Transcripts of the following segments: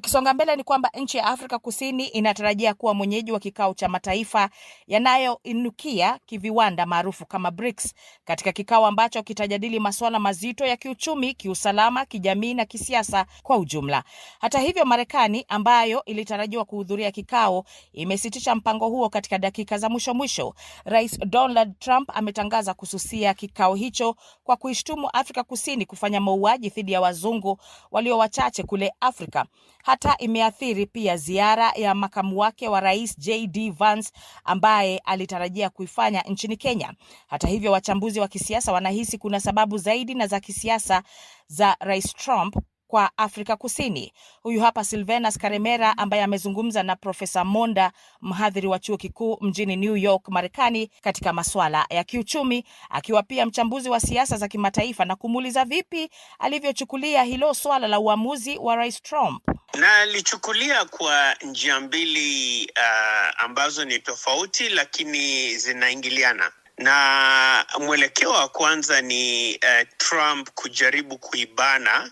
Tukisonga mbele ni kwamba nchi ya Afrika Kusini inatarajia kuwa mwenyeji wa kikao cha mataifa yanayoinukia kiviwanda maarufu kama BRICS, katika kikao ambacho kitajadili masuala mazito ya kiuchumi, kiusalama, kijamii na kisiasa kwa ujumla. Hata hivyo, Marekani ambayo ilitarajiwa kuhudhuria kikao imesitisha mpango huo katika dakika za mwisho mwisho. Rais Donald Trump ametangaza kususia kikao hicho kwa kuishtumu Afrika Kusini kufanya mauaji dhidi ya wazungu walio wachache kule Afrika hata imeathiri pia ziara ya makamu wake wa rais JD Vance ambaye alitarajia kuifanya nchini Kenya. Hata hivyo, wachambuzi wa kisiasa wanahisi kuna sababu zaidi na za kisiasa za Rais Trump kwa Afrika Kusini. Huyu hapa Silvenas Karemera ambaye amezungumza na Profesa Monda, mhadhiri wa chuo kikuu mjini New York, Marekani, katika masuala ya kiuchumi, akiwa pia mchambuzi wa siasa za kimataifa na kumuuliza vipi alivyochukulia hilo swala la uamuzi wa Rais Trump. Nalichukulia kwa njia mbili uh, ambazo ni tofauti lakini zinaingiliana na mwelekeo wa kwanza ni uh, Trump kujaribu kuibana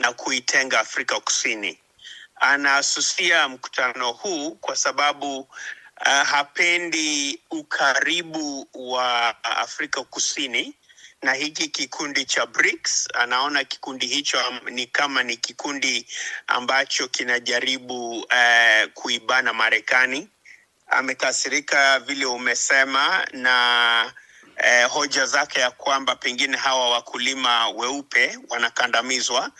na kuitenga Afrika Kusini. Anasusia mkutano huu kwa sababu uh, hapendi ukaribu wa Afrika Kusini na hiki kikundi cha BRICS. Anaona kikundi hicho ni kama ni kikundi ambacho kinajaribu uh, kuibana Marekani. Amekasirika vile umesema na eh, hoja zake ya kwamba pengine hawa wakulima weupe wanakandamizwa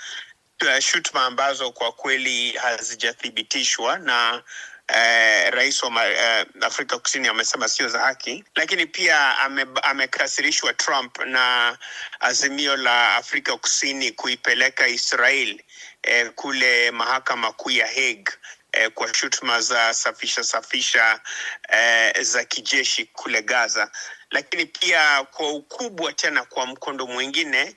Eh, shutuma ambazo kwa kweli hazijathibitishwa na uh, rais wa uh, Afrika Kusini amesema sio za haki, lakini pia ame, amekasirishwa Trump na azimio la Afrika Kusini kuipeleka Israel uh, kule mahakama kuu ya heg kwa shutuma za safisha safisha eh, za kijeshi kule Gaza, lakini pia kwa ukubwa tena, kwa mkondo mwingine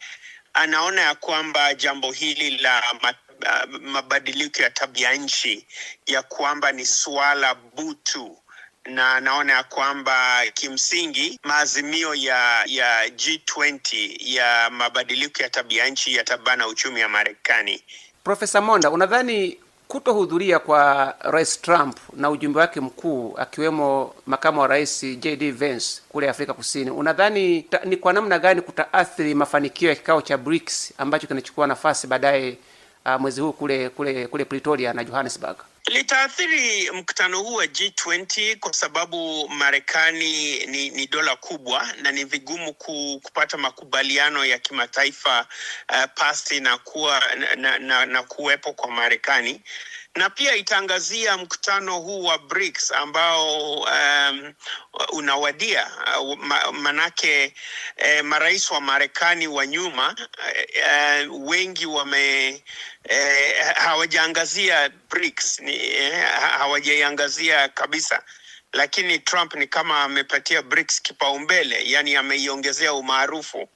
anaona ya kwamba jambo hili la uh, mabadiliko ya tabia nchi ya kwamba ni suala butu na naona ya kwamba kimsingi maazimio ya ya G20 ya mabadiliko ya tabia nchi yatabana uchumi wa Marekani. Profesa Monda, unadhani kutohudhuria kwa Rais Trump na ujumbe wake mkuu akiwemo makamu wa rais JD Vance kule Afrika Kusini, unadhani ta, ni kwa namna gani kutaathiri mafanikio ya kikao cha BRICS ambacho kinachukua nafasi baadaye uh, mwezi huu kule kule kule Pretoria na Johannesburg? litaathiri mkutano huu wa G20 kwa sababu Marekani ni, ni dola kubwa na ni vigumu ku, kupata makubaliano ya kimataifa uh, pasi na kuwa na, na, na, na kuwepo kwa Marekani na pia itaangazia mkutano huu wa BRICS ambao um, unawadia uh, manake eh, marais wa Marekani wa nyuma eh, eh wengi wame eh, hawajaangazia BRICS ni, eh, hawajaiangazia kabisa lakini Trump ni kama amepatia BRICS kipaumbele, yani ameiongezea umaarufu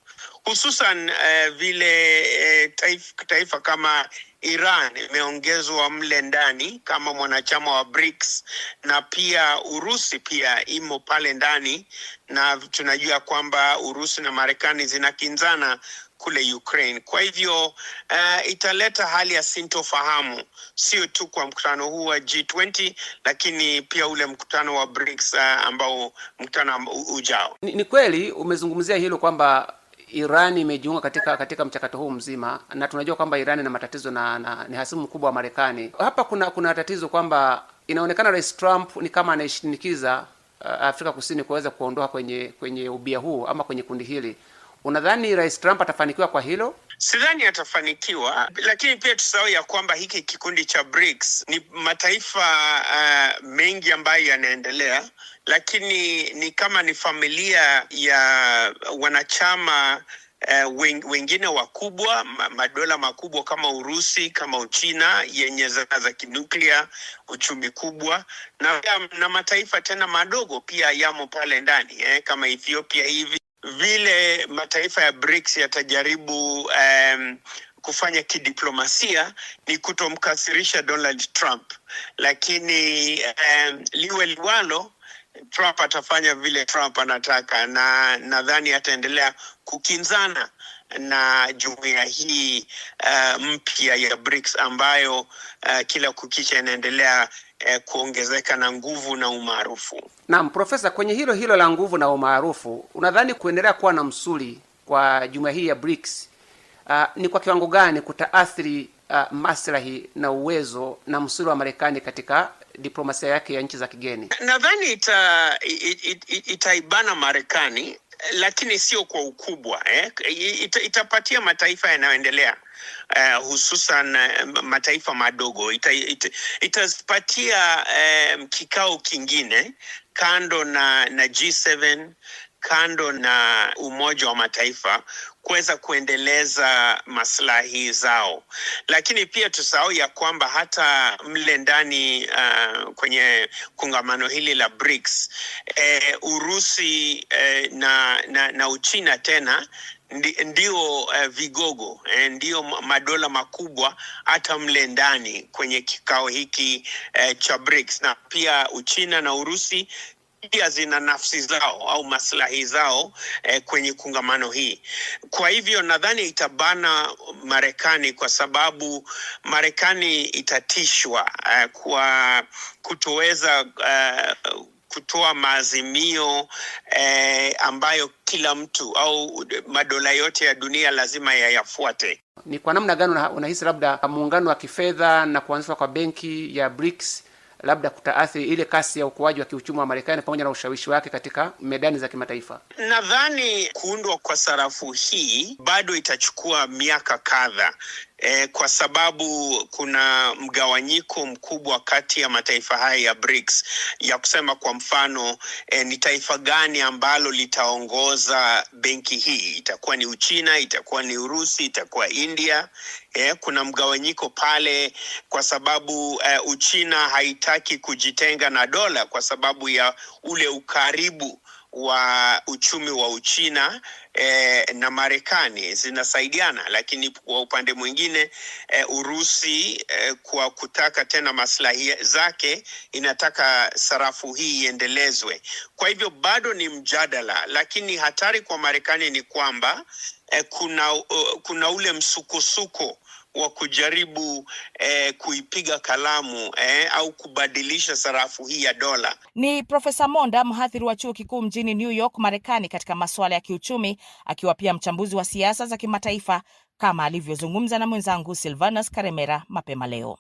hususan uh, vile uh, taifa, taifa kama Iran imeongezwa mle ndani kama mwanachama wa BRICS na pia Urusi pia imo pale ndani, na tunajua kwamba Urusi na Marekani zinakinzana kule Ukraine. Kwa hivyo uh, italeta hali ya sintofahamu sio tu kwa mkutano huu wa G20 lakini pia ule mkutano wa BRICS uh, ambao mkutano ujao. Ni, ni kweli umezungumzia hilo kwamba Iran imejiunga katika katika mchakato huu mzima, na tunajua kwamba Iran ina matatizo na, na ni hasimu mkubwa wa Marekani. Hapa kuna kuna tatizo kwamba inaonekana Rais Trump ni kama anaishinikiza uh, Afrika Kusini kuweza kuondoa kwenye kwenye ubia huu ama kwenye kundi hili. Unadhani Rais Trump atafanikiwa kwa hilo? Sidhani atafanikiwa, lakini pia tusahau ya kwamba hiki kikundi cha BRICS ni mataifa uh, mengi ambayo yanaendelea, lakini ni kama ni familia ya wanachama Uh, wengine wakubwa madola makubwa kama Urusi kama Uchina yenye zana za kinuklia, uchumi kubwa na, na mataifa tena madogo pia yamo pale ndani eh, kama Ethiopia hivi vile mataifa ya BRICS yatajaribu um, kufanya kidiplomasia ni kutomkasirisha Donald Trump, lakini um, liwe liwalo, Trump atafanya vile Trump anataka, na nadhani ataendelea kukinzana na jumuiya hii uh, mpya ya BRICS ambayo uh, kila kukicha inaendelea uh, kuongezeka na nguvu na umaarufu. Naam, Profesa, kwenye hilo hilo la nguvu na umaarufu, unadhani kuendelea kuwa na msuli kwa jumuiya hii ya BRICS uh, ni kwa kiwango gani kutaathiri uh, maslahi na uwezo na msuli wa Marekani katika diplomasia yake ya nchi za kigeni? Nadhani itaibana ita, ita Marekani lakini sio kwa ukubwa eh. It, itapatia mataifa yanayoendelea uh, hususan uh, mataifa madogo itazipatia it, ita um, kikao kingine kando na, na G7 kando na Umoja wa Mataifa kuweza kuendeleza maslahi zao, lakini pia tusahau ya kwamba hata mle ndani uh, kwenye kongamano hili la BRICS eh, Urusi eh, na, na, na Uchina tena ndio uh, vigogo eh, ndio madola makubwa hata mle ndani kwenye kikao hiki eh, cha BRICS na pia Uchina na Urusi pia zina nafsi zao au maslahi zao eh, kwenye kungamano hii. Kwa hivyo nadhani itabana Marekani kwa sababu Marekani itatishwa eh, kwa kutoweza eh, kutoa maazimio eh, ambayo kila mtu au madola yote ya dunia lazima yayafuate. Ni kwa namna gani unahisi labda muungano wa kifedha na kuanzishwa kwa benki ya BRICS labda kutaathiri ile kasi ya ukuaji wa kiuchumi wa Marekani pamoja na ushawishi wake katika medani za kimataifa. Nadhani kuundwa kwa sarafu hii bado itachukua miaka kadha e, kwa sababu kuna mgawanyiko mkubwa kati ya mataifa haya ya BRICS ya kusema kwa mfano e, ni taifa gani ambalo litaongoza benki hii, itakuwa ni Uchina, itakuwa ni Urusi, itakuwa India. E, kuna mgawanyiko pale kwa sababu e, Uchina haitaki kujitenga na dola kwa sababu ya ule ukaribu wa uchumi wa Uchina eh, na Marekani zinasaidiana, lakini kwa upande mwingine eh, Urusi eh, kwa kutaka tena maslahi zake inataka sarafu hii iendelezwe. Kwa hivyo bado ni mjadala, lakini hatari kwa Marekani ni kwamba eh, kuna, uh, kuna ule msukosuko wa kujaribu eh, kuipiga kalamu eh, au kubadilisha sarafu hii ya dola. Ni Profesa Monda, mhadhiri wa chuo kikuu mjini New York, Marekani, katika masuala ya kiuchumi, akiwa pia mchambuzi wa siasa za kimataifa, kama alivyozungumza na mwenzangu Silvanus Karemera mapema leo.